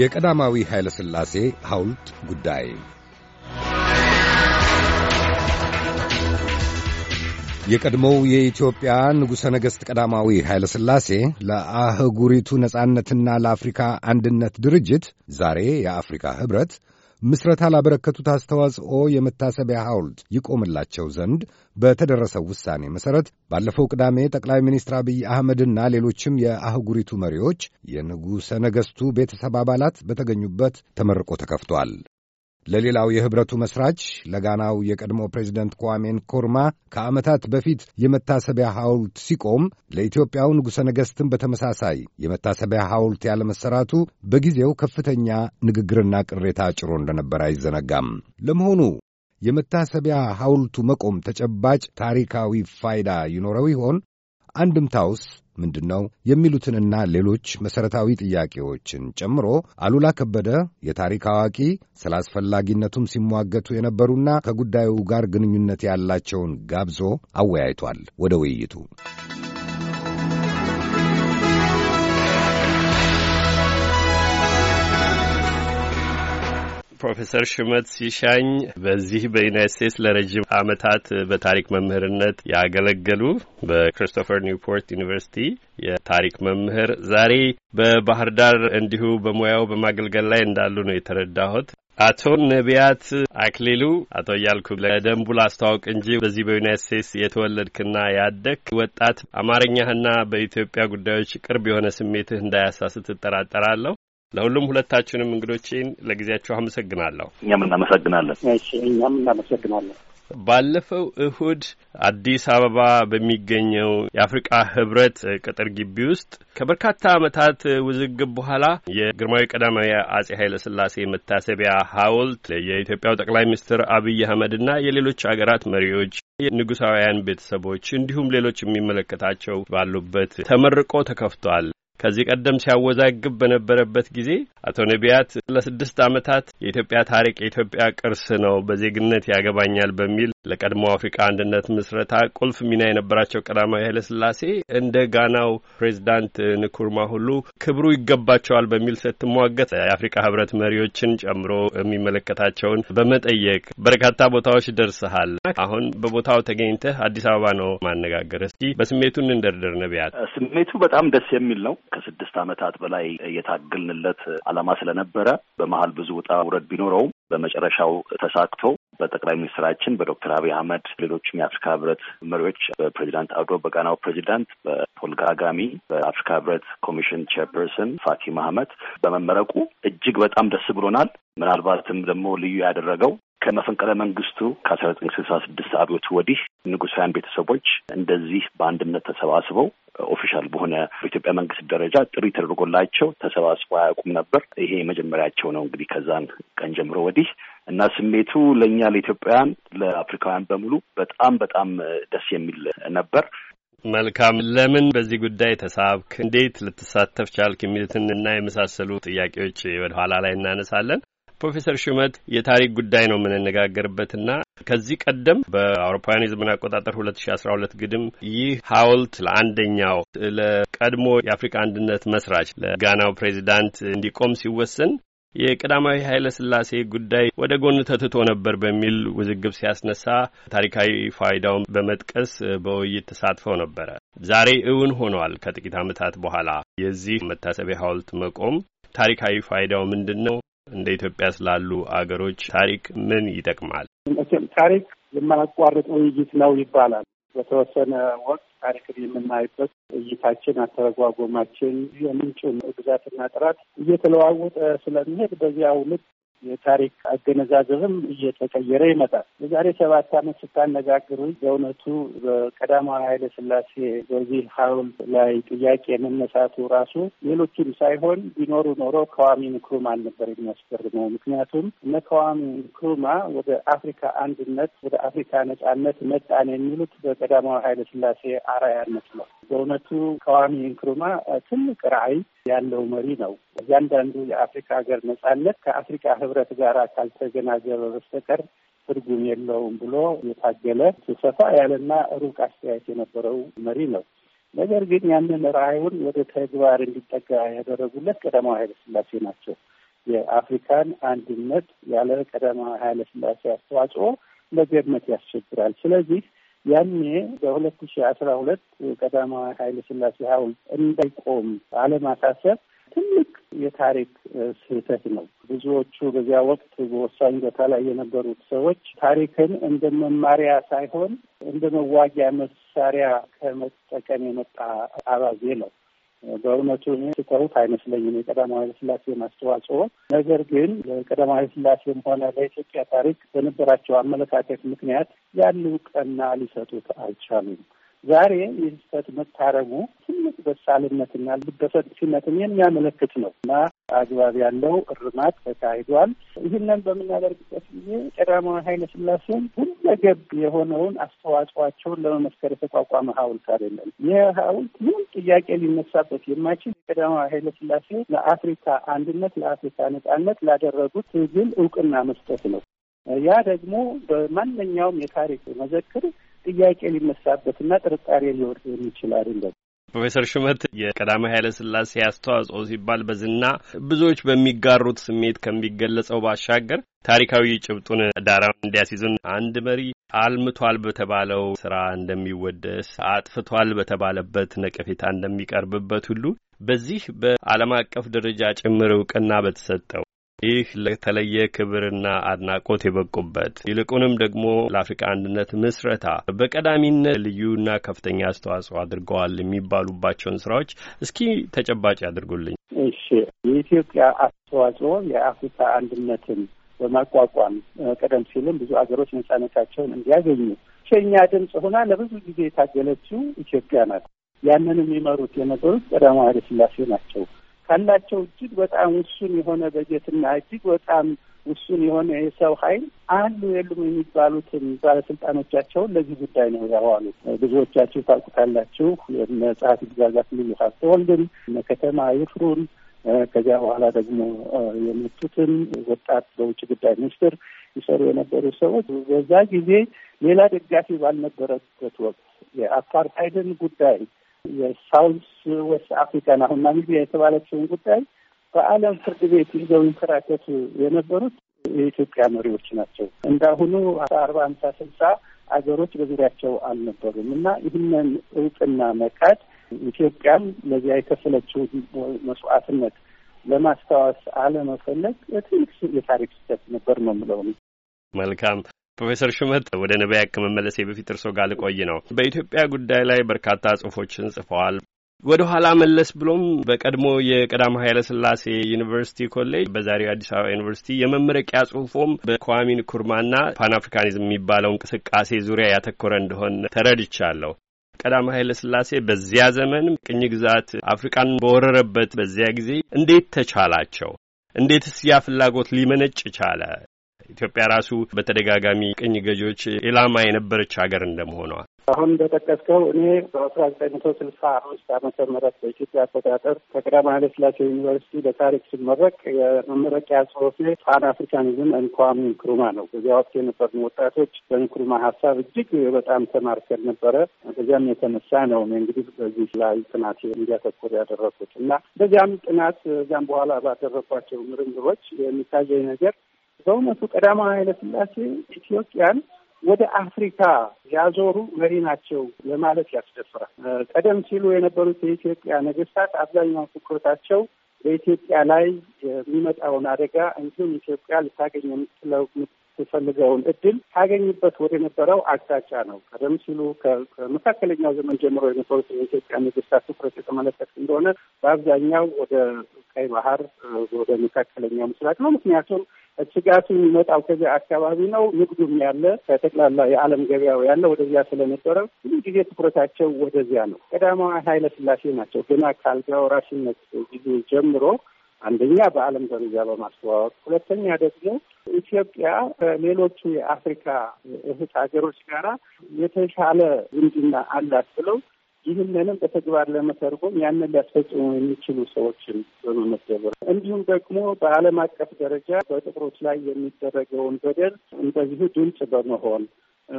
የቀዳማዊ ኃይለ ሥላሴ ሐውልት ጉዳይ የቀድሞው የኢትዮጵያ ንጉሠ ነገሥት ቀዳማዊ ኃይለ ሥላሴ ለአህጉሪቱ ነጻነትና ለአፍሪካ አንድነት ድርጅት ዛሬ የአፍሪካ ኅብረት ምስረታ ላበረከቱት አስተዋጽኦ የመታሰቢያ ሐውልት ይቆምላቸው ዘንድ በተደረሰው ውሳኔ መሠረት ባለፈው ቅዳሜ ጠቅላይ ሚኒስትር አብይ አህመድና ሌሎችም የአህጉሪቱ መሪዎች፣ የንጉሠ ነገሥቱ ቤተሰብ አባላት በተገኙበት ተመርቆ ተከፍቷል። ለሌላው የኅብረቱ መሥራች ለጋናው የቀድሞ ፕሬዚደንት ኳሜን ኮርማ ከዓመታት በፊት የመታሰቢያ ሐውልት ሲቆም ለኢትዮጵያው ንጉሠ ነገሥትም በተመሳሳይ የመታሰቢያ ሐውልት ያለመሠራቱ በጊዜው ከፍተኛ ንግግርና ቅሬታ አጭሮ እንደነበር አይዘነጋም። ለመሆኑ የመታሰቢያ ሐውልቱ መቆም ተጨባጭ ታሪካዊ ፋይዳ ይኖረው ይሆን? አንድምታውስ ምንድን ነው የሚሉትንና ሌሎች መሠረታዊ ጥያቄዎችን ጨምሮ አሉላ ከበደ የታሪክ አዋቂ ስለ አስፈላጊነቱም ሲሟገቱ የነበሩና ከጉዳዩ ጋር ግንኙነት ያላቸውን ጋብዞ አወያይቷል። ወደ ውይይቱ ፕሮፌሰር ሽመት ሲሻኝ በዚህ በዩናይት ስቴትስ ለረጅም ዓመታት በታሪክ መምህርነት ያገለገሉ በክሪስቶፈር ኒውፖርት ዩኒቨርሲቲ የታሪክ መምህር ዛሬ በባህር ዳር እንዲሁ በሙያው በማገልገል ላይ እንዳሉ ነው የተረዳሁት። አቶ ነቢያት አክሊሉ፣ አቶ እያልኩ ለደንቡ ላስተዋውቅ እንጂ በዚህ በዩናይት ስቴትስ የተወለድክና ያደግክ ወጣት፣ አማርኛህና በኢትዮጵያ ጉዳዮች ቅርብ የሆነ ስሜትህ እንዳያሳስት እጠራጠራለሁ። ለሁሉም ሁለታችንም እንግዶቼን ለጊዜያችሁ አመሰግናለሁ። እኛም እናመሰግናለን። እኛም እናመሰግናለን። ባለፈው እሁድ አዲስ አበባ በሚገኘው የአፍሪቃ ህብረት ቅጥር ግቢ ውስጥ ከበርካታ ዓመታት ውዝግብ በኋላ የግርማዊ ቀዳማዊ አጼ ኃይለ ስላሴ መታሰቢያ ሐውልት የኢትዮጵያው ጠቅላይ ሚኒስትር አብይ አህመድና የሌሎች አገራት መሪዎች፣ የንጉሳውያን ቤተሰቦች እንዲሁም ሌሎች የሚመለከታቸው ባሉበት ተመርቆ ተከፍቷል። ከዚህ ቀደም ሲያወዛግብ በነበረበት ጊዜ አቶ ነቢያት ለስድስት ዓመታት የኢትዮጵያ ታሪክ የኢትዮጵያ ቅርስ ነው፣ በዜግነት ያገባኛል በሚል ለቀድሞ አፍሪቃ አንድነት ምስረታ ቁልፍ ሚና የነበራቸው ቀዳማዊ ኃይለ ሥላሴ እንደ ጋናው ፕሬዚዳንት ንኩርማ ሁሉ ክብሩ ይገባቸዋል በሚል ስትሟገት የአፍሪካ ህብረት መሪዎችን ጨምሮ የሚመለከታቸውን በመጠየቅ በርካታ ቦታዎች ደርሰሃል። አሁን በቦታው ተገኝተህ አዲስ አበባ ነው ማነጋገር። እስ በስሜቱ እንደርደር ነቢያት። ስሜቱ በጣም ደስ የሚል ነው። ከስድስት ዓመታት በላይ የታገልንለት አላማ ስለነበረ በመሀል ብዙ ውጣ ውረድ ቢኖረውም በመጨረሻው ተሳክቶ በጠቅላይ ሚኒስትራችን በዶክተር አብይ አህመድ ሌሎችም የአፍሪካ ህብረት መሪዎች በፕሬዚዳንት አዶ በጋናው ፕሬዚዳንት በፖል ጋጋሚ በአፍሪካ ህብረት ኮሚሽን ቼርፐርሰን ፋኪ መሐመድ በመመረቁ እጅግ በጣም ደስ ብሎናል። ምናልባትም ደግሞ ልዩ ያደረገው ከመፈንቀለ መንግስቱ ከአስራ ዘጠኝ ስልሳ ስድስት አብዮት ወዲህ ንጉሳውያን ቤተሰቦች እንደዚህ በአንድነት ተሰባስበው ኦፊሻል በሆነ በኢትዮጵያ መንግስት ደረጃ ጥሪ ተደርጎላቸው ተሰባስበው አያውቁም ነበር። ይሄ የመጀመሪያቸው ነው እንግዲህ ከዛን ቀን ጀምሮ ወዲህ እና ስሜቱ ለእኛ ለኢትዮጵያውያን፣ ለአፍሪካውያን በሙሉ በጣም በጣም ደስ የሚል ነበር። መልካም። ለምን በዚህ ጉዳይ ተሳብክ፣ እንዴት ልትሳተፍ ቻልክ የሚሉትን እና የመሳሰሉ ጥያቄዎች ወደ ኋላ ላይ እናነሳለን። ፕሮፌሰር ሹመት የታሪክ ጉዳይ ነው የምንነጋገርበትና ከዚህ ቀደም በአውሮፓውያን የዘመን አቆጣጠር ሁለት ሺ አስራ ሁለት ግድም ይህ ሀውልት ለአንደኛው ለቀድሞ የአፍሪካ አንድነት መስራች ለጋናው ፕሬዚዳንት እንዲቆም ሲወሰን የቀዳማዊ ኃይለ ሥላሴ ጉዳይ ወደ ጎን ተትቶ ነበር በሚል ውዝግብ ሲያስነሳ ታሪካዊ ፋይዳውን በመጥቀስ በውይይት ተሳትፈው ነበረ። ዛሬ እውን ሆኗል። ከጥቂት ዓመታት በኋላ የዚህ መታሰቢያ ሐውልት መቆም ታሪካዊ ፋይዳው ምንድን ነው? እንደ ኢትዮጵያ ስላሉ አገሮች ታሪክ ምን ይጠቅማል? መቼም ታሪክ የማያቋርጥ ውይይት ነው ይባላል። በተወሰነ ወቅት ታሪክን የምናይበት እይታችን፣ አተረጓጎማችን፣ የምንጩን ግዛትና ጥራት እየተለዋወጠ ስለሚሄድ በዚያው ልክ የታሪክ አገነዛዘብም እየተቀየረ ይመጣል። የዛሬ ሰባት ዓመት ስታነጋግሩ በእውነቱ በቀዳማዊ ኃይለ ሥላሴ በዚህ ሐውልት ላይ ጥያቄ መነሳቱ ራሱ ሌሎችም ሳይሆን ቢኖሩ ኖሮ ከዋሚ ንክሩማ አልነበር የሚያስገርመው። ምክንያቱም እነ ከዋሚ ንክሩማ ወደ አፍሪካ አንድነት፣ ወደ አፍሪካ ነጻነት መጣን የሚሉት በቀዳማዊ ኃይለ ሥላሴ አርአያነት ነው። በእውነቱ ከዋሚ ንክሩማ ትልቅ ራዕይ ያለው መሪ ነው። እያንዳንዱ የአፍሪካ ሀገር ነጻነት ከአፍሪካ ህብረት ጋር ካልተገናዘበ በስተቀር ትርጉም የለውም ብሎ የታገለ ሰፋ ያለና ሩቅ አስተያየት የነበረው መሪ ነው። ነገር ግን ያንን ራዕዩን ወደ ተግባር እንዲጠጋ ያደረጉለት ቀዳማዊ ኃይለስላሴ ናቸው። የአፍሪካን አንድነት ያለ ቀዳማዊ ኃይለስላሴ አስተዋጽኦ መገመት ያስቸግራል። ስለዚህ ያኔ በሁለት ሺ አስራ ሁለት ቀዳማዊ ኃይለ ሥላሴ ሐውልት እንዳይቆም አለማሳሰብ ትልቅ የታሪክ ስህተት ነው። ብዙዎቹ በዚያ ወቅት በወሳኝ ቦታ ላይ የነበሩት ሰዎች ታሪክን እንደ መማሪያ ሳይሆን እንደ መዋጊያ መሳሪያ ከመጠቀም የመጣ አባዜ ነው። በእውነቱ ትተውት አይመስለኝም የቀዳማዊ ኃይለሥላሴን አስተዋጽኦ። ነገር ግን ለቀዳማዊ ኃይለሥላሴም ሆነ ለኢትዮጵያ ታሪክ በነበራቸው አመለካከት ምክንያት ያሉ ቀና ሊሰጡት አልቻሉም። ዛሬ ይህ ስህተት መታረሙ ትልቅ በሳልነትና ልበሰፊነትን የሚያመለክት ነው እና አግባብ ያለው እርማት ተካሂዷል። ይህንን በምናደርግበት ጊዜ ቀዳማዊ ኃይለ ሥላሴን ሁለገብ የሆነውን አስተዋጽኦቸውን ለመመስከር የተቋቋመ ሐውልት አይደለም። ይህ ሐውልት ምን ጥያቄ ሊነሳበት የማይችል የቀዳማዊ ኃይለ ሥላሴ ለአፍሪካ አንድነት፣ ለአፍሪካ ነጻነት ላደረጉት ትግል እውቅና መስጠት ነው። ያ ደግሞ በማንኛውም የታሪክ መዘክር ጥያቄ እና ጥርጣሬ ሊወርድ የሚችል አይደለም። ፕሮፌሰር ሹመት የቀዳማዊ ኃይለ ሥላሴ አስተዋጽኦ ሲባል በዝና ብዙዎች በሚጋሩት ስሜት ከሚገለጸው ባሻገር ታሪካዊ ጭብጡን ዳራ እንዲያስይዙን አንድ መሪ አልምቷል በተባለው ስራ እንደሚወደስ፣ አጥፍቷል በተባለበት ነቀፌታ እንደሚቀርብበት ሁሉ በዚህ በዓለም አቀፍ ደረጃ ጭምር እውቅና በተሰጠው ይህ ለተለየ ክብርና አድናቆት የበቁበት ይልቁንም ደግሞ ለአፍሪካ አንድነት ምስረታ በቀዳሚነት ልዩና ከፍተኛ አስተዋጽኦ አድርገዋል የሚባሉባቸውን ስራዎች እስኪ ተጨባጭ ያድርጉልኝ። እሺ፣ የኢትዮጵያ አስተዋጽኦ የአፍሪካ አንድነትን በማቋቋም ቀደም ሲልም ብዙ ሀገሮች ነጻነታቸውን እንዲያገኙ ብቸኛ ድምፅ ሆና ለብዙ ጊዜ የታገለችው ኢትዮጵያ ናት። ያንንም የሚመሩት የነበሩት ቀዳማዊ ኃይለ ሥላሴ ናቸው። ካላቸው እጅግ በጣም ውሱን የሆነ በጀትና እጅግ በጣም ውሱን የሆነ የሰው ኃይል አሉ የሉም የሚባሉትን ባለስልጣኖቻቸውን ለዚህ ጉዳይ ነው ያዋሉት። ብዙዎቻችሁ ታውቁታላችሁ። መጽሐፍ ግዛዛት ሚሉ ሀብተ ከተማ ይፍሩን ከዚያ በኋላ ደግሞ የመጡትን ወጣት በውጭ ጉዳይ ሚኒስትር ይሰሩ የነበሩ ሰዎች በዛ ጊዜ ሌላ ደጋፊ ባልነበረበት ወቅት የአፓርታይድን ጉዳይ የሳውዝ ዌስት አፍሪካን አሁን ናሚቢያ የተባለችውን ጉዳይ በዓለም ፍርድ ቤት ይዘው ይንከራከቱ የነበሩት የኢትዮጵያ መሪዎች ናቸው። እንዳሁኑ አርባ አምሳ ስልሳ አገሮች በዙሪያቸው አልነበሩም እና ይህንን እውቅና መካድ ኢትዮጵያም ለዚያ የከፈለችው መስዋዕትነት ለማስታወስ አለመፈለግ ትልቅ የታሪክ ስህተት ነበር ነው የምለው። መልካም ፕሮፌሰር ሹመት ወደ ነቢያ ከመመለሴ በፊት እርሶ ጋር ልቆይ ነው። በኢትዮጵያ ጉዳይ ላይ በርካታ ጽሁፎችን ጽፈዋል። ወደ ኋላ መለስ ብሎም በቀድሞ የቀዳማ ኃይለ ስላሴ ዩኒቨርሲቲ ኮሌጅ በዛሬው አዲስ አበባ ዩኒቨርሲቲ የመመረቂያ ጽሁፎም በኳሚ ንኩርማና ፓን አፍሪካኒዝም የሚባለው እንቅስቃሴ ዙሪያ ያተኮረ እንደሆን ተረድቻለሁ። ቀዳማዊ ኃይለ ስላሴ በዚያ ዘመን ቅኝ ግዛት አፍሪቃን በወረረበት በዚያ ጊዜ እንዴት ተቻላቸው? እንዴትስ ያ ፍላጎት ሊመነጭ ቻለ? ኢትዮጵያ ራሱ በተደጋጋሚ ቅኝ ገዢዎች ኢላማ የነበረች ሀገር እንደመሆኗ አሁን እንደጠቀስከው እኔ በአስራ ዘጠኝ መቶ ስልሳ አምስት ዓመተ ምህረት በኢትዮጵያ አቆጣጠር ከቀዳማዊ ኃይለ ሥላሴ ዩኒቨርሲቲ በታሪክ ስመረቅ የመመረቂያ ጽሁፌ ፓን አፍሪካኒዝም እንኳም ንክሩማ ነው። በዚያ ወቅት የነበርን ወጣቶች በንክሩማ ሀሳብ እጅግ በጣም ተማርከን ነበረ። በዚያም የተነሳ ነው እንግዲህ በዚህ ላይ ጥናት እንዲያተኩር ያደረኩት እና በዚያም ጥናት በዚያም በኋላ ባደረኳቸው ምርምሮች የሚታየኝ ነገር በእውነቱ ቀዳማዊ ኃይለ ሥላሴ ኢትዮጵያን ወደ አፍሪካ ያዞሩ መሪ ናቸው ለማለት ያስደፍራል። ቀደም ሲሉ የነበሩት የኢትዮጵያ ነገስታት አብዛኛው ትኩረታቸው በኢትዮጵያ ላይ የሚመጣውን አደጋ እንዲሁም ኢትዮጵያ ልታገኝ የምትለው የምትፈልገውን እድል ታገኝበት ወደ ነበረው አቅጣጫ ነው። ቀደም ሲሉ ከመካከለኛው ዘመን ጀምሮ የነበሩት የኢትዮጵያ ነገስታት ትኩረት የተመለከት እንደሆነ በአብዛኛው ወደ ቀይ ባህር፣ ወደ መካከለኛው ምስራቅ ነው። ምክንያቱም ስጋቱ የሚመጣው ከዚያ አካባቢ ነው። ንግዱም ያለ ከጠቅላላ የዓለም ገበያው ያለ ወደዚያ ስለነበረ ብዙ ጊዜ ትኩረታቸው ወደዚያ ነው። ቀዳማዊ ኃይለ ሥላሴ ናቸው። ገና ከአልጋ ወራሽነት ጊዜ ጀምሮ አንደኛ በዓለም ደረጃ በማስተዋወቅ ሁለተኛ ደግሞ ኢትዮጵያ ከሌሎቹ የአፍሪካ እህት ሀገሮች ጋራ የተሻለ ዝምድና አላት ብለው ይህንንም በተግባር ለመተርጎም ያንን ሊያስፈጽሙ የሚችሉ ሰዎችን በመመደብ እንዲሁም ደግሞ በዓለም አቀፍ ደረጃ በጥቁሮች ላይ የሚደረገውን በደል እንደዚሁ ድምፅ በመሆን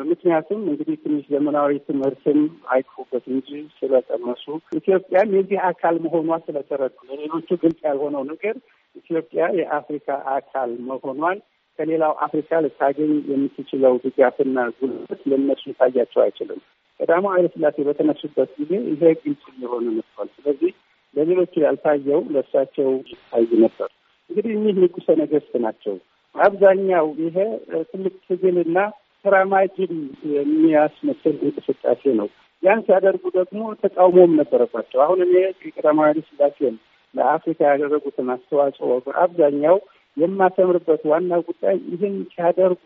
ምክንያቱም እንግዲህ ትንሽ ዘመናዊ ትምህርትም አይክፉበት እንጂ ስለቀመሱ ኢትዮጵያም የዚህ አካል መሆኗ ስለተረዱ ለሌሎቹ ግልጽ ያልሆነው ነገር ኢትዮጵያ የአፍሪካ አካል መሆኗን ከሌላው አፍሪካ ልታገኝ የምትችለው ድጋፍና ጉልበት ለነሱ ሊታያቸው አይችልም። ቀዳማዊ ኃይለ ሥላሴ በተነሱበት ጊዜ ይሄ ግልጽ የሆነ መጥቷል። ስለዚህ ለሌሎቹ ያልታየው ለእሳቸው ይታይ ነበር። እንግዲህ እኚህ ንጉሠ ነገሥት ናቸው። አብዛኛው ይሄ ትልቅ ትግልና ተራማጅን የሚያስመስል እንቅስቃሴ ነው። ያን ሲያደርጉ ደግሞ ተቃውሞም ነበረባቸው። አሁን እኔ ቀዳማዊ ኃይለ ሥላሴን ለአፍሪካ ያደረጉትን አስተዋጽኦ በአብዛኛው የማሰምርበት ዋና ጉዳይ ይህን ሲያደርጉ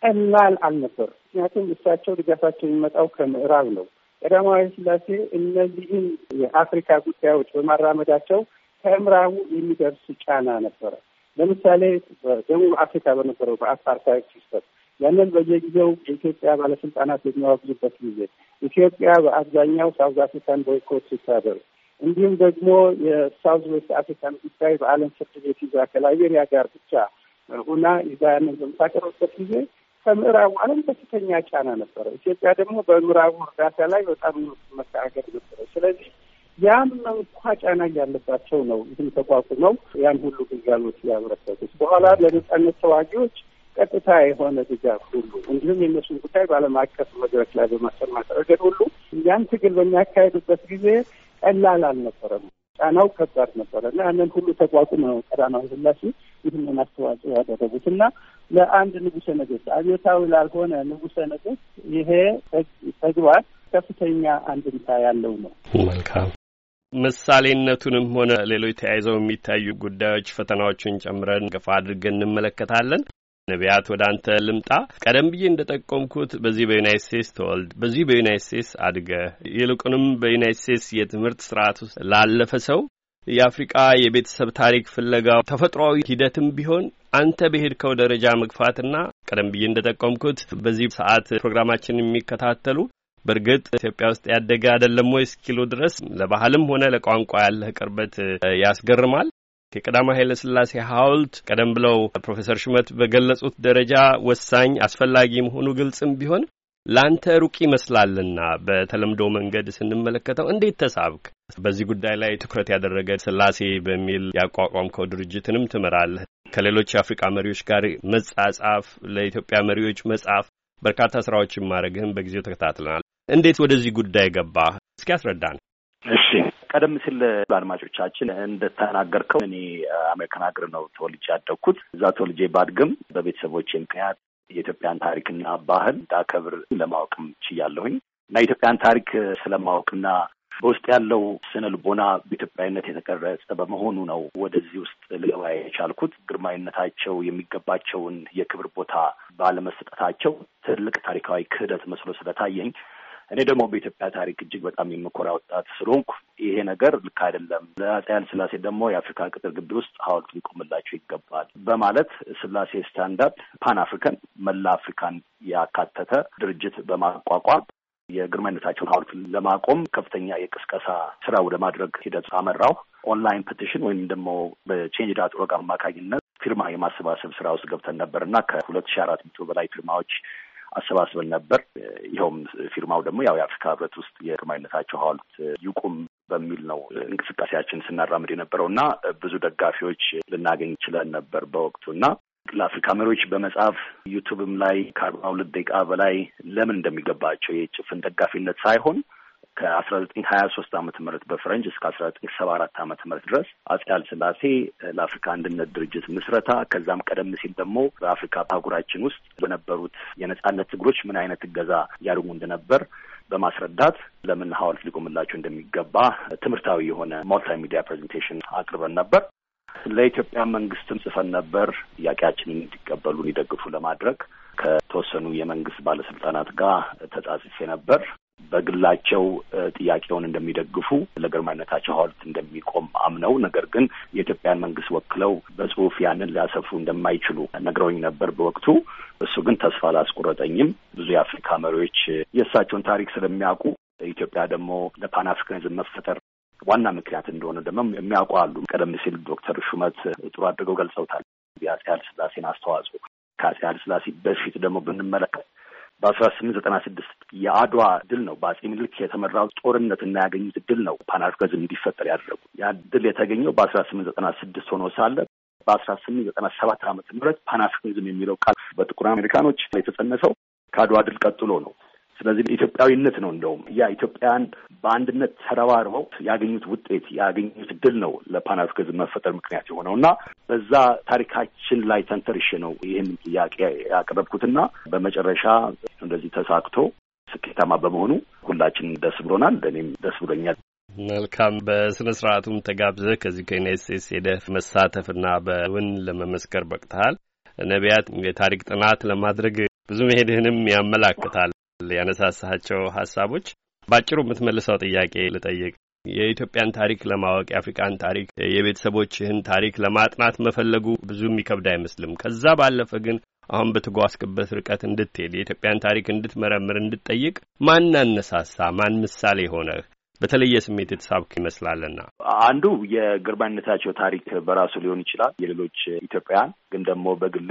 ቀላል አልነበር። ምክንያቱም እሳቸው ድጋፋቸው የሚመጣው ከምዕራብ ነው። ቀዳማዊ ስላሴ እነዚህን የአፍሪካ ጉዳዮች በማራመዳቸው ከምዕራቡ የሚደርስ ጫና ነበረ። ለምሳሌ በደቡብ አፍሪካ በነበረው በአፓርታይድ ሲስተም ያንን በየጊዜው የኢትዮጵያ ባለስልጣናት የሚያወግዙበት ጊዜ ኢትዮጵያ በአብዛኛው ሳውዝ አፍሪካን ቦይኮት ስታደርግ እንዲሁም ደግሞ የሳውዝ ዌስት አፍሪካን ጉዳይ በዓለም ፍርድ ቤት ይዛ ከላይቤሪያ ጋር ብቻ ሁና ይዛ ያንን በምታቀርብበት ጊዜ ከምዕራቡ ዓለም በፊተኛ ጫና ነበረ። ኢትዮጵያ ደግሞ በምዕራቡ እርዳታ ላይ በጣም መተጋገር ነበረ። ስለዚህ ያም እንኳ ጫና እያለባቸው ነው ይህም ተቋቁመው ያን ሁሉ ግልጋሎት ያበረከቱት። በኋላ ለነጻነት ተዋጊዎች ቀጥታ የሆነ ድጋፍ ሁሉ እንዲሁም የእነሱን ጉዳይ በዓለም አቀፍ መድረክ ላይ በማሰማት ረገድ ሁሉ ያን ትግል በሚያካሄዱበት ጊዜ ቀላል አልነበረም። ጫናው ከባድ ነበረ እና ያንን ሁሉ ተቋቁመ ነው ቀዳማዊ ሥላሴ ይህንን አስተዋጽኦ ያደረጉት እና ለአንድ ንጉሰ ነገስት አብዮታዊ ላልሆነ ንጉሰ ነገስት ይሄ ተግባር ከፍተኛ አንድምታ ያለው ነው። መልካም ምሳሌነቱንም ሆነ ሌሎች ተያይዘው የሚታዩ ጉዳዮች ፈተናዎችን ጨምረን ገፋ አድርገን እንመለከታለን። ነቢያት ወደ አንተ ልምጣ። ቀደም ብዬ እንደ ጠቆምኩት በዚህ በዩናይት ስቴትስ ተወልድ በዚህ በዩናይት ስቴትስ አድገ ይልቁንም በዩናይት ስቴትስ የትምህርት ስርዓት ውስጥ ላለፈ ሰው የአፍሪቃ የቤተሰብ ታሪክ ፍለጋው ተፈጥሯዊ ሂደትም ቢሆን አንተ በሄድከው ደረጃ መግፋትና ቀደም ብዬ እንደ ጠቆምኩት በዚህ ሰዓት ፕሮግራማችን የሚከታተሉ በእርግጥ ኢትዮጵያ ውስጥ ያደገ አይደለም ወይ እስኪሉ ድረስ ለባህልም ሆነ ለቋንቋ ያለህ ቅርበት ያስገርማል። ከቀዳማዊ ኃይለ ሥላሴ ሐውልት ቀደም ብለው ፕሮፌሰር ሹመት በገለጹት ደረጃ ወሳኝ አስፈላጊ መሆኑ ግልጽም ቢሆን ለአንተ ሩቅ ይመስላልና በተለምዶ መንገድ ስንመለከተው እንዴት ተሳብክ? በዚህ ጉዳይ ላይ ትኩረት ያደረገ ስላሴ በሚል ያቋቋምከው ድርጅትንም ትመራለህ። ከሌሎች የአፍሪቃ መሪዎች ጋር መጻጻፍ፣ ለኢትዮጵያ መሪዎች መጻፍ፣ በርካታ ስራዎችን ማድረግህም በጊዜው ተከታትለናል። እንዴት ወደዚህ ጉዳይ ገባህ? እስኪ ያስረዳን። እሺ ቀደም ሲል ለአድማጮቻችን እንደተናገርከው እኔ አሜሪካን ሀገር ነው ተወልጄ ያደግኩት። እዛ ተወልጄ ባድግም በቤተሰቦቼ ምክንያት የኢትዮጵያን ታሪክና ባህል እንዳከብር ለማወቅም ችያለሁኝ እና የኢትዮጵያን ታሪክ ስለማወቅና በውስጥ ያለው ስነ ልቦና በኢትዮጵያዊነት የተቀረጸ በመሆኑ ነው ወደዚህ ውስጥ ልገባ የቻልኩት። ግርማዊነታቸው የሚገባቸውን የክብር ቦታ ባለመሰጠታቸው ትልቅ ታሪካዊ ክህደት መስሎ ስለታየኝ እኔ ደግሞ በኢትዮጵያ ታሪክ እጅግ በጣም የምኮራ ወጣት ስለሆንኩ ይሄ ነገር ልክ አይደለም፣ ለአፄ ኃይለ ሥላሴ ደግሞ የአፍሪካ ቅጥር ግቢ ውስጥ ሐውልት ሊቆምላቸው ይገባል በማለት ስላሴ ስታንዳርድ ፓን አፍሪካን መላ አፍሪካን ያካተተ ድርጅት በማቋቋም የግርማዊነታቸውን ሀውልት ለማቆም ከፍተኛ የቅስቀሳ ስራው ለማድረግ ሂደት አመራው። ኦንላይን ፔቲሽን ወይም ደግሞ በቼንጅ ዳት ኦርግ አማካኝነት ፊርማ የማሰባሰብ ስራ ውስጥ ገብተን ነበር እና ከሁለት ሺ አራት መቶ በላይ ፊርማዎች አሰባስበን ነበር። ይኸውም ፊርማው ደግሞ ያው የአፍሪካ ህብረት ውስጥ የግርማዊነታቸው ሐውልት ይቁም በሚል ነው እንቅስቃሴያችን ስናራምድ የነበረው እና ብዙ ደጋፊዎች ልናገኝ ችለን ነበር በወቅቱ እና ለአፍሪካ መሪዎች በመጽሐፍ ዩቱብም ላይ ከአርባ ሁለት ደቂቃ በላይ ለምን እንደሚገባቸው የጭፍን ደጋፊነት ሳይሆን ከአስራ ዘጠኝ ሀያ ሶስት አመተ ምህረት በፈረንጅ እስከ አስራ ዘጠኝ ሰባ አራት አመተ ምህረት ድረስ አጼ ኃይለ ሥላሴ ለአፍሪካ አንድነት ድርጅት ምስረታ ከዛም ቀደም ሲል ደግሞ በአፍሪካ አህጉራችን ውስጥ በነበሩት የነጻነት ትግሮች ምን አይነት እገዛ ያደርጉ እንደነበር በማስረዳት ለምን ሐውልት ሊቆምላቸው እንደሚገባ ትምህርታዊ የሆነ ሚዲያ ፕሬዘንቴሽን አቅርበን ነበር። ለኢትዮጵያ መንግስትም ጽፈን ነበር ጥያቄያችንን እንዲቀበሉ እንዲደግፉ ለማድረግ ከተወሰኑ የመንግስት ባለስልጣናት ጋር ተጻጽፌ ነበር። በግላቸው ጥያቄውን እንደሚደግፉ ለግርማዊነታቸው ሐውልት እንደሚቆም አምነው ነገር ግን የኢትዮጵያን መንግስት ወክለው በጽሁፍ ያንን ሊያሰፉ እንደማይችሉ ነግረውኝ ነበር በወቅቱ። እሱ ግን ተስፋ አላስቆረጠኝም። ብዙ የአፍሪካ መሪዎች የእሳቸውን ታሪክ ስለሚያውቁ ኢትዮጵያ ደግሞ ለፓን አፍሪካኒዝም መፈጠር ዋና ምክንያት እንደሆነ ደግሞ የሚያውቁ አሉ። ቀደም ሲል ዶክተር ሹመት ጥሩ አድርገው ገልጸውታል የአፄ ኃይለ ሥላሴን አስተዋጽኦ። ከአፄ ኃይለ ሥላሴ በፊት ደግሞ ብንመለከት በአስራ ስምንት ዘጠና ስድስት የአድዋ ድል ነው በአጼ ምኒልክ የተመራው ጦርነትና ያገኙት ድል ነው ፓናፍሪካዝም እንዲፈጠር ያደረጉ። ያ ድል የተገኘው በአስራ ስምንት ዘጠና ስድስት ሆኖ ሳለ በአስራ ስምንት ዘጠና ሰባት ዓመተ ምህረት ፓናፍሪካዝም የሚለው ቃል በጥቁር አሜሪካኖች የተጸነሰው ከአድዋ ድል ቀጥሎ ነው። ስለዚህ ኢትዮጵያዊነት ነው እንደውም ያ ኢትዮጵያውያን በአንድነት ተረባርበው ያገኙት ውጤት ያገኙት ድል ነው ለፓን መፈጠር ምክንያት የሆነው እና በዛ ታሪካችን ላይ ተንተርሼ ነው ይህን ጥያቄ ያቀረብኩትና በመጨረሻ እንደዚህ ተሳክቶ ስኬታማ በመሆኑ ሁላችን ደስ ብሎናል። እኔም ደስ ብሎኛል። መልካም። በስነ ስርዓቱም ተጋብዘህ ከዚህ ከዩናይት ስቴትስ ሄደህ መሳተፍና በውን ለመመስከር በቅተሃል። ነቢያት የታሪክ ጥናት ለማድረግ ብዙ መሄድህንም ያመላክታል። ያነሳሳቸው ሀሳቦች ባጭሩ የምትመልሰው ጥያቄ ልጠይቅ። የኢትዮጵያን ታሪክ ለማወቅ የአፍሪካን ታሪክ የቤተሰቦችህን ታሪክ ለማጥናት መፈለጉ ብዙ የሚከብድ አይመስልም። ከዛ ባለፈ ግን አሁን በተጓዝክበት ርቀት እንድትሄድ የኢትዮጵያን ታሪክ እንድትመረምር እንድትጠይቅ ማን አነሳሳ? ማን ምሳሌ ሆነህ? በተለየ ስሜት የተሳብክ ይመስላልና አንዱ የግርባኝነታቸው ታሪክ በራሱ ሊሆን ይችላል። የሌሎች ኢትዮጵያውያን ግን ደግሞ በግሌ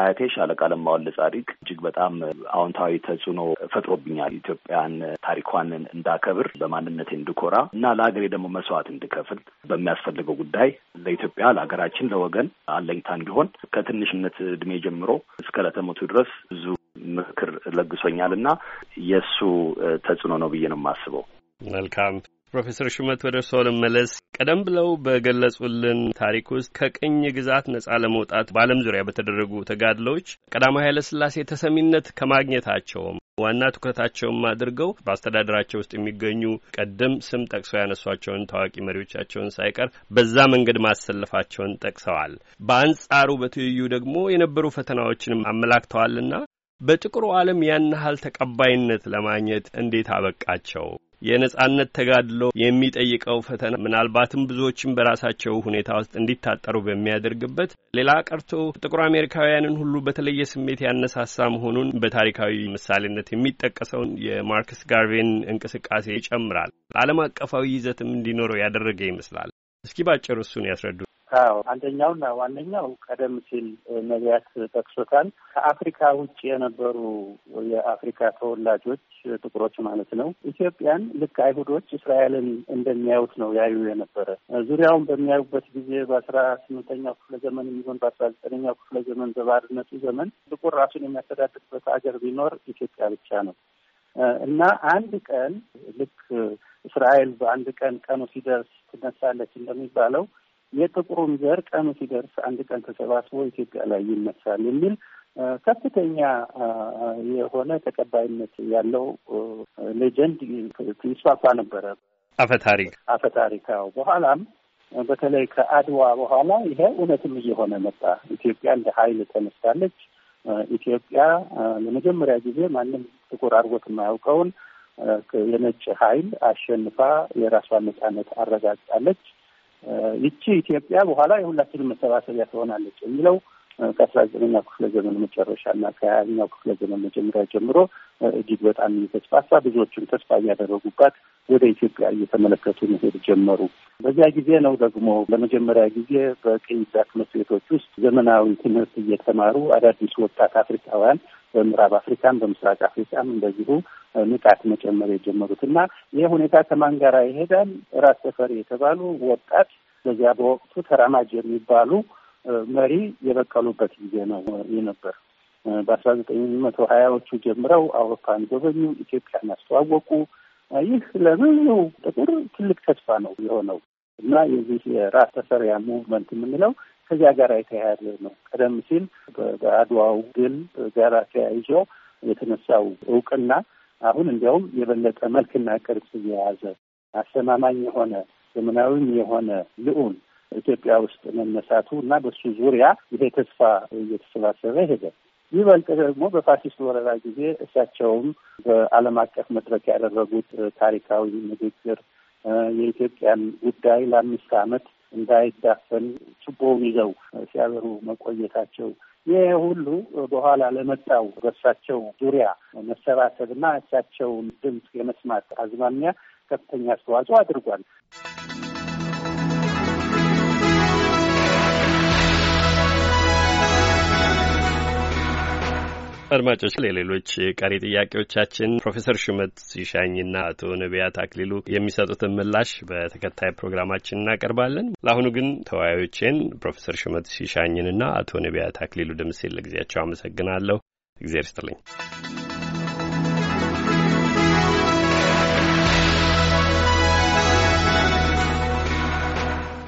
አያቴ ሻለቃ ለማ ወልደ እጅግ በጣም አዎንታዊ ተጽዕኖ ፈጥሮብኛል። ኢትዮጵያን ታሪኳን እንዳከብር፣ በማንነቴ እንድኮራ እና ለሀገሬ ደግሞ መስዋዕት እንድከፍል በሚያስፈልገው ጉዳይ ለኢትዮጵያ፣ ለሀገራችን፣ ለወገን አለኝታ እንዲሆን ከትንሽነት እድሜ ጀምሮ እስከ ለተሞቱ ድረስ ብዙ ምክር ለግሶኛል እና የእሱ ተጽዕኖ ነው ብዬ ነው የማስበው። መልካም ፕሮፌሰር ሹመት ወደ እርስዎ ልመለስ። ቀደም ብለው በገለጹልን ታሪክ ውስጥ ከቅኝ ግዛት ነጻ ለመውጣት በዓለም ዙሪያ በተደረጉ ተጋድሎዎች ቀዳማዊ ኃይለ ሥላሴ ተሰሚነት ከማግኘታቸውም ዋና ትኩረታቸውም አድርገው በአስተዳደራቸው ውስጥ የሚገኙ ቀደም ስም ጠቅሰው ያነሷቸውን ታዋቂ መሪዎቻቸውን ሳይቀር በዛ መንገድ ማሰለፋቸውን ጠቅሰዋል። በአንጻሩ በትይዩ ደግሞ የነበሩ ፈተናዎችንም አመላክተዋልና በጥቁሩ ዓለም ያን ያህል ተቀባይነት ለማግኘት እንዴት አበቃቸው? የነጻነት ተጋድሎ የሚጠይቀው ፈተና ምናልባትም ብዙዎችን በራሳቸው ሁኔታ ውስጥ እንዲታጠሩ በሚያደርግበት ሌላ ቀርቶ ጥቁር አሜሪካውያንን ሁሉ በተለየ ስሜት ያነሳሳ መሆኑን በታሪካዊ ምሳሌነት የሚጠቀሰውን የማርክስ ጋርቬን እንቅስቃሴ ይጨምራል። ዓለም አቀፋዊ ይዘትም እንዲኖረው ያደረገ ይመስላል። እስኪ ባጭር እሱን ያስረዱ። አዎ አንደኛውና ዋነኛው ቀደም ሲል ነቢያት ጠቅሶታል። ከአፍሪካ ውጭ የነበሩ የአፍሪካ ተወላጆች ጥቁሮች ማለት ነው ኢትዮጵያን ልክ አይሁዶች እስራኤልን እንደሚያዩት ነው ያዩ የነበረ። ዙሪያውን በሚያዩበት ጊዜ በአስራ ስምንተኛው ክፍለ ዘመን የሚሆን በአስራ ዘጠነኛው ክፍለ ዘመን በባርነቱ ዘመን ጥቁር ራሱን የሚያስተዳድርበት ሀገር ቢኖር ኢትዮጵያ ብቻ ነው እና አንድ ቀን ልክ እስራኤል በአንድ ቀን ቀኑ ሲደርስ ትነሳለች እንደሚባለው የጥቁሩን ዘር ቀኑ ሲደርስ አንድ ቀን ተሰባስቦ ኢትዮጵያ ላይ ይነሳል የሚል ከፍተኛ የሆነ ተቀባይነት ያለው ሌጀንድ ይስፋፋ ነበረ። አፈታሪክ አፈታሪካው በኋላም በተለይ ከአድዋ በኋላ ይሄ እውነትም እየሆነ መጣ። ኢትዮጵያ እንደ ኃይል ተነስታለች። ኢትዮጵያ ለመጀመሪያ ጊዜ ማንም ጥቁር አድርጎት የማያውቀውን የነጭ ኃይል አሸንፋ የራሷን ነጻነት አረጋግጣለች። ይቺ ኢትዮጵያ በኋላ የሁላችንም መሰባሰቢያ ትሆናለች የሚለው ከአስራ ዘጠነኛው ክፍለ ዘመን መጨረሻና ከሀያኛው ክፍለ ዘመን መጀመሪያ ጀምሮ እጅግ በጣም እየተስፋፋ ብዙዎቹም ተስፋ እያደረጉባት ወደ ኢትዮጵያ እየተመለከቱ መሄድ ጀመሩ። በዚያ ጊዜ ነው ደግሞ ለመጀመሪያ ጊዜ በቅኝ ግዛት ትምህርት ቤቶች ውስጥ ዘመናዊ ትምህርት እየተማሩ አዳዲስ ወጣት አፍሪካውያን በምዕራብ አፍሪካም በምስራቅ አፍሪካም እንደዚሁ ንቃት መጨመር የጀመሩት እና ይህ ሁኔታ ከማን ጋር ይሄዳል? ራስ ተፈሪ የተባሉ ወጣት በዚያ በወቅቱ ተራማጅ የሚባሉ መሪ የበቀሉበት ጊዜ ነው የነበር። በአስራ ዘጠኝ መቶ ሀያዎቹ ጀምረው አውሮፓን ጎበኙ፣ ኢትዮጵያን አስተዋወቁ። ይህ ለብዙ ጥቁር ትልቅ ተስፋ ነው የሆነው እና የዚህ የራስ ተፈሪያ ሙቭመንት የምንለው ከዚያ ጋር የተያያዘ ነው። ቀደም ሲል በአድዋው ድል ጋር ተያይዞ የተነሳው እውቅና አሁን እንዲያውም የበለጠ መልክና ቅርጽ የያዘ አስተማማኝ የሆነ ዘመናዊም የሆነ ልዑን ኢትዮጵያ ውስጥ መነሳቱ እና በሱ ዙሪያ ይሄ ተስፋ እየተሰባሰበ ሄደ። ይበልጥ ደግሞ በፋሲስት ወረራ ጊዜ እሳቸውም በዓለም አቀፍ መድረክ ያደረጉት ታሪካዊ ንግግር የኢትዮጵያን ጉዳይ ለአምስት ዓመት እንዳይዳፈን ችቦውን ይዘው ሲያበሩ መቆየታቸው ይህ ሁሉ በኋላ ለመጣው በእሳቸው ዙሪያ መሰባሰብና እሳቸውን ድምፅ የመስማት አዝማሚያ ከፍተኛ አስተዋጽኦ አድርጓል። አድማጮች ለሌሎች ቀሪ ጥያቄዎቻችን ፕሮፌሰር ሹመት ሲሻኝና አቶ ነቢያት አክሊሉ የሚሰጡትን ምላሽ በተከታይ ፕሮግራማችን እናቀርባለን። ለአሁኑ ግን ተወያዮቼን ፕሮፌሰር ሹመት ሲሻኝንና አቶ ነቢያት አክሊሉ ደምሴን ለጊዜያቸው አመሰግናለሁ። እግዜር ይስጥልኝ።